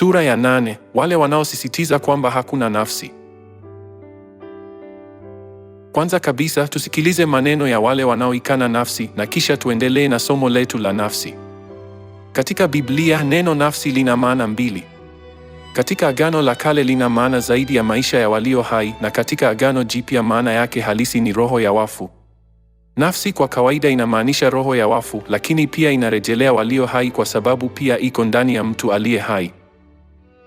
sura ya nane, wale wanaosisitiza kwamba hakuna nafsi. Kwanza kabisa tusikilize maneno ya wale wanaoikana nafsi na kisha tuendelee na somo letu la nafsi. Katika Biblia neno nafsi lina maana mbili. Katika Agano la Kale lina maana zaidi ya maisha ya walio hai, na katika Agano Jipya maana yake halisi ni roho ya wafu. Nafsi kwa kawaida inamaanisha roho ya wafu, lakini pia inarejelea walio hai kwa sababu pia iko ndani ya mtu aliye hai.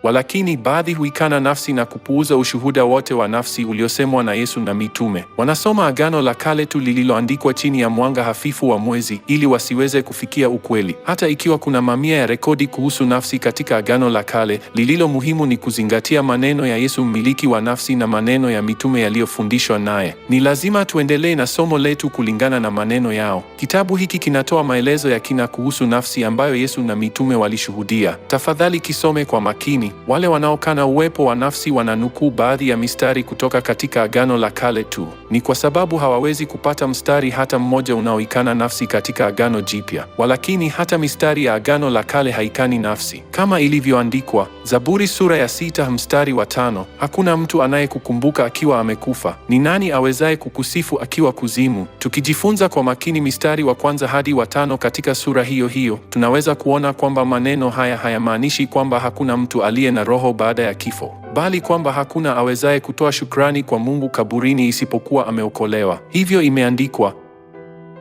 Walakini baadhi huikana nafsi na kupuuza ushuhuda wote wa nafsi uliosemwa na Yesu na mitume. Wanasoma Agano la Kale tu lililoandikwa chini ya mwanga hafifu wa mwezi, ili wasiweze kufikia ukweli. Hata ikiwa kuna mamia ya rekodi kuhusu nafsi katika Agano la Kale, lililo muhimu ni kuzingatia maneno ya Yesu, mmiliki wa nafsi, na maneno ya mitume yaliyofundishwa naye. Ni lazima tuendelee na somo letu kulingana na maneno yao. Kitabu hiki kinatoa maelezo ya kina kuhusu nafsi ambayo Yesu na mitume walishuhudia. Tafadhali kisome kwa makini wale wanaokana uwepo wa nafsi wananukuu baadhi ya mistari kutoka katika Agano la Kale tu. Ni kwa sababu hawawezi kupata mstari hata mmoja unaoikana nafsi katika Agano Jipya. Walakini hata mistari ya Agano la Kale haikani nafsi, kama ilivyoandikwa Zaburi sura ya sita mstari wa tano, hakuna mtu anayekukumbuka akiwa amekufa, ni nani awezaye kukusifu akiwa kuzimu? Tukijifunza kwa makini mistari wa kwanza hadi wa tano katika sura hiyo hiyo, tunaweza kuona kwamba maneno haya hayamaanishi kwamba hakuna mtu aliye aliye na roho baada ya kifo, bali kwamba hakuna awezaye kutoa shukrani kwa Mungu kaburini isipokuwa ameokolewa. Hivyo imeandikwa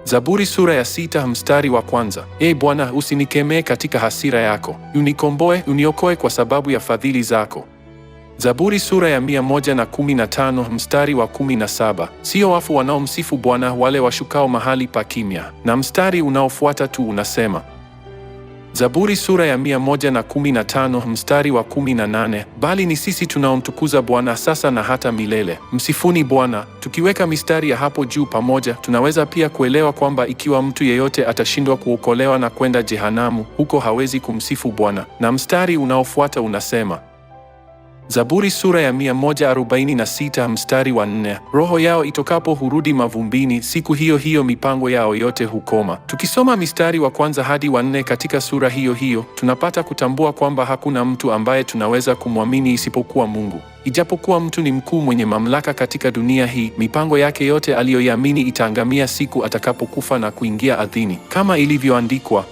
Zaburi sura ya sita mstari wa kwanza. Ee Bwana, usinikemee katika hasira yako, unikomboe, uniokoe kwa sababu ya fadhili zako. Zaburi sura ya 115 mstari wa 17, sio wafu wanaomsifu Bwana wale washukao mahali pa kimya. Na mstari unaofuata tu unasema Zaburi sura ya 115 mstari wa 18, bali ni sisi tunaomtukuza Bwana sasa na hata milele, msifuni Bwana. Tukiweka mistari ya hapo juu pamoja, tunaweza pia kuelewa kwamba ikiwa mtu yeyote atashindwa kuokolewa na kwenda jehanamu, huko hawezi kumsifu Bwana. Na mstari unaofuata unasema Zaburi sura ya 146 mstari wa 4, roho yao itokapo hurudi mavumbini, siku hiyo hiyo mipango yao yote hukoma. Tukisoma mistari wa kwanza hadi wa nne katika sura hiyo hiyo, tunapata kutambua kwamba hakuna mtu ambaye tunaweza kumwamini isipokuwa Mungu. Ijapokuwa mtu ni mkuu mwenye mamlaka katika dunia hii, mipango yake yote aliyoiamini itaangamia siku atakapokufa na kuingia ardhini, kama ilivyoandikwa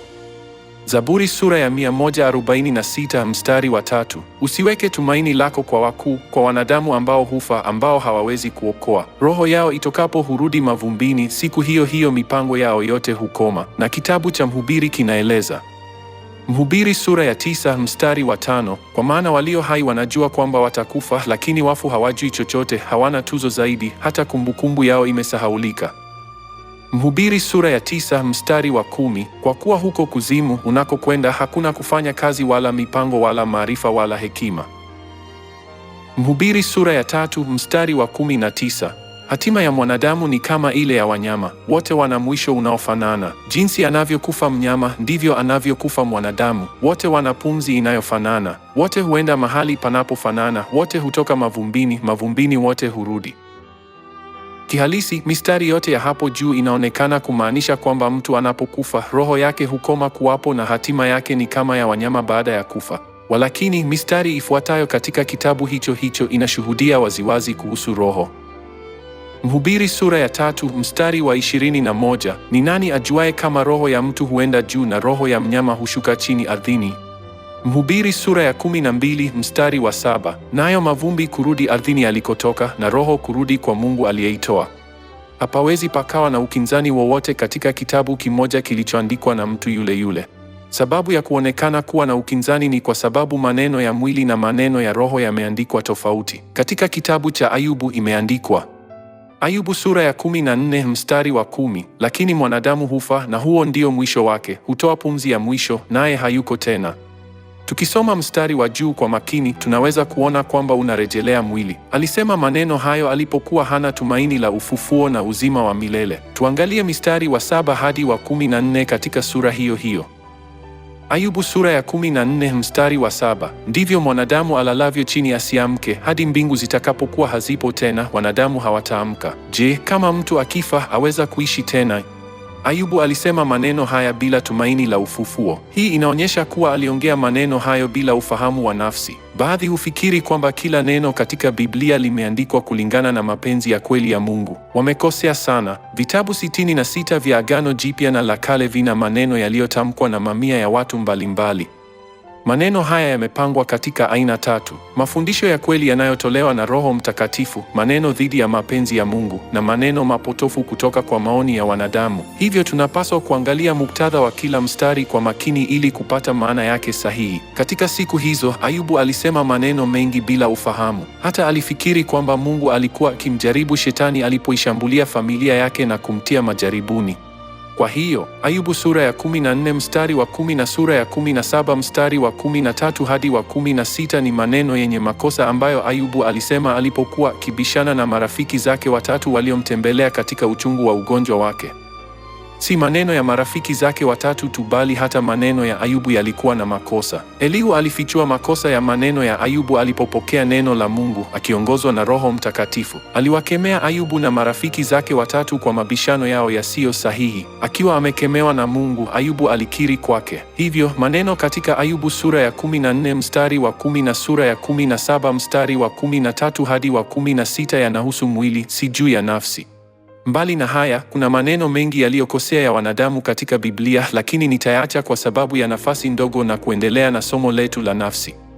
Zaburi sura ya 146 mstari wa tatu. Usiweke tumaini lako kwa wakuu, kwa wanadamu ambao hufa, ambao hawawezi kuokoa. Roho yao itokapo hurudi mavumbini, siku hiyo hiyo mipango yao yote hukoma. Na kitabu cha Mhubiri kinaeleza Mhubiri sura ya tisa mstari wa tano, kwa maana walio hai wanajua kwamba watakufa, lakini wafu hawajui chochote, hawana tuzo zaidi, hata kumbukumbu yao imesahaulika. Mhubiri sura ya tisa mstari wa kumi, kwa kuwa huko kuzimu unakokwenda hakuna kufanya kazi wala mipango wala maarifa wala hekima. Mhubiri sura ya tatu mstari wa kumi na tisa, hatima ya mwanadamu ni kama ile ya wanyama, wote wana mwisho unaofanana. Jinsi anavyokufa mnyama ndivyo anavyokufa mwanadamu, wote wana pumzi inayofanana, wote huenda mahali panapofanana, wote hutoka mavumbini, mavumbini wote hurudi. Kihalisi, mistari yote ya hapo juu inaonekana kumaanisha kwamba mtu anapokufa roho yake hukoma kuwapo na hatima yake ni kama ya wanyama baada ya kufa. Walakini, mistari ifuatayo katika kitabu hicho hicho inashuhudia waziwazi kuhusu roho. Mhubiri sura ya tatu mstari wa ishirini na moja ni nani ajuaye kama roho ya mtu huenda juu na roho ya mnyama hushuka chini ardhini? Mhubiri sura ya kumi na mbili mstari wa saba nayo mavumbi kurudi ardhini alikotoka na roho kurudi kwa Mungu aliyeitoa. Hapawezi pakawa na ukinzani wowote katika kitabu kimoja kilichoandikwa na mtu yule yule. Sababu ya kuonekana kuwa na ukinzani ni kwa sababu maneno ya mwili na maneno ya roho yameandikwa tofauti. Katika kitabu cha Ayubu imeandikwa Ayubu sura ya nne mstari wa kumi, lakini mwanadamu hufa na huo ndio mwisho wake, hutoa pumzi ya mwisho, naye hayuko tena. Tukisoma mstari wa juu kwa makini, tunaweza kuona kwamba unarejelea mwili. Alisema maneno hayo alipokuwa hana tumaini la ufufuo na uzima wa milele. Tuangalie mistari wa saba hadi wa kumi na nne katika sura hiyo hiyo. Ayubu sura ya kumi na nne mstari wa saba ndivyo mwanadamu alalavyo chini asiamke, hadi mbingu zitakapokuwa hazipo tena, wanadamu hawataamka. Je, kama mtu akifa aweza kuishi tena? Ayubu alisema maneno haya bila tumaini la ufufuo. Hii inaonyesha kuwa aliongea maneno hayo bila ufahamu wa nafsi. Baadhi hufikiri kwamba kila neno katika Biblia limeandikwa kulingana na mapenzi ya kweli ya Mungu. Wamekosea sana. Vitabu sitini na sita vya Agano Jipya na la Kale vina maneno yaliyotamkwa na mamia ya watu mbalimbali. Maneno haya yamepangwa katika aina tatu: mafundisho ya kweli yanayotolewa na Roho Mtakatifu, maneno dhidi ya mapenzi ya Mungu, na maneno mapotofu kutoka kwa maoni ya wanadamu. Hivyo tunapaswa kuangalia muktadha wa kila mstari kwa makini ili kupata maana yake sahihi. Katika siku hizo, Ayubu alisema maneno mengi bila ufahamu. Hata alifikiri kwamba Mungu alikuwa akimjaribu Shetani alipoishambulia familia yake na kumtia majaribuni. Kwa hiyo Ayubu sura ya 14 mstari wa 10 na sura ya 17 mstari wa 13 hadi wa 16 ni maneno yenye makosa ambayo Ayubu alisema alipokuwa akibishana na marafiki zake watatu waliomtembelea katika uchungu wa ugonjwa wake. Si maneno ya marafiki zake watatu tu, bali hata maneno ya Ayubu yalikuwa na makosa. Elihu alifichua makosa ya maneno ya Ayubu alipopokea neno la Mungu akiongozwa na Roho Mtakatifu. Aliwakemea Ayubu na marafiki zake watatu kwa mabishano yao yasiyo sahihi. Akiwa amekemewa na Mungu, Ayubu alikiri kwake. Hivyo maneno katika Ayubu sura ya 14 mstari wa 10 na sura ya 17 mstari wa 13 hadi wa 16 yanahusu mwili, si juu ya nafsi. Mbali na haya, kuna maneno mengi yaliyokosea ya wanadamu katika Biblia, lakini nitayaacha kwa sababu ya nafasi ndogo na kuendelea na somo letu la nafsi.